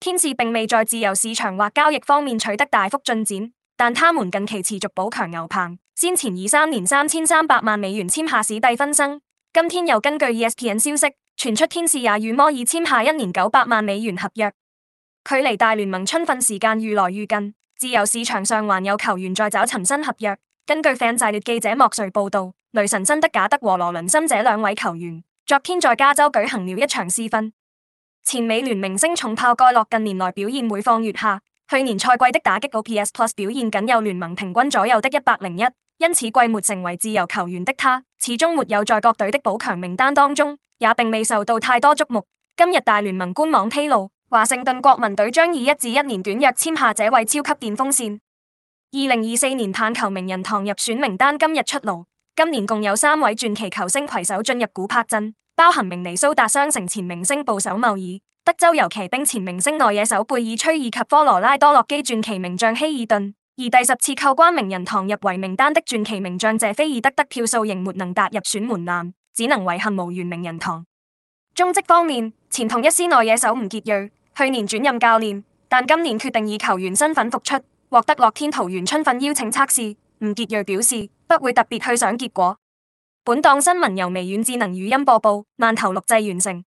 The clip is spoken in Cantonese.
天使並未在自由市場或交易方面取得大幅進展，但他們近期持續補強牛棚。先前以三年三千三百萬美元簽下史蒂芬森，今天又根據 ESPN 消息傳出天使也與摩爾簽下一年九百萬美元合約。距離大聯盟春訓時間越來越近，自由市場上還有球員在找尋新合約。根據《范炸裂》記者莫瑞報道，雷神辛德賈德和羅倫森這兩位球員昨天在加州舉行了一場私訓。前美聯明星重炮蓋洛近年來表現每況愈下，去年賽季的打擊 OPS Plus 表現僅有聯盟平均左右的一百零一，因此季末成為自由球員的他，始終沒有在各隊的補強名單當中，也並未受到太多矚目。今日大聯盟官網披露，華盛頓國民隊將以一至一年短約簽下這位超級電風扇。二零二四年棒球名人堂入選名單今日出爐，今年共有三位傳奇球星携手進入古柏鎮。包含明尼蘇達雙城前明星捕手茂爾、德州遊騎兵前明星內野手貝爾崔以及科羅拉多洛基傳奇名將希爾頓，而第十次叩關名人堂入圍名單的傳奇名將謝菲爾德得票數仍沒能達入選門檻，只能遺憾無緣名人堂。中職方面，前統一獅內野手吳杰瑞去年轉任教練，但今年決定以球員身份復出，獲得樂天桃園春訓邀請測試。吳杰瑞表示不會特別去想結果。本檔新聞由微軟智能語音播報，慢投錄製完成。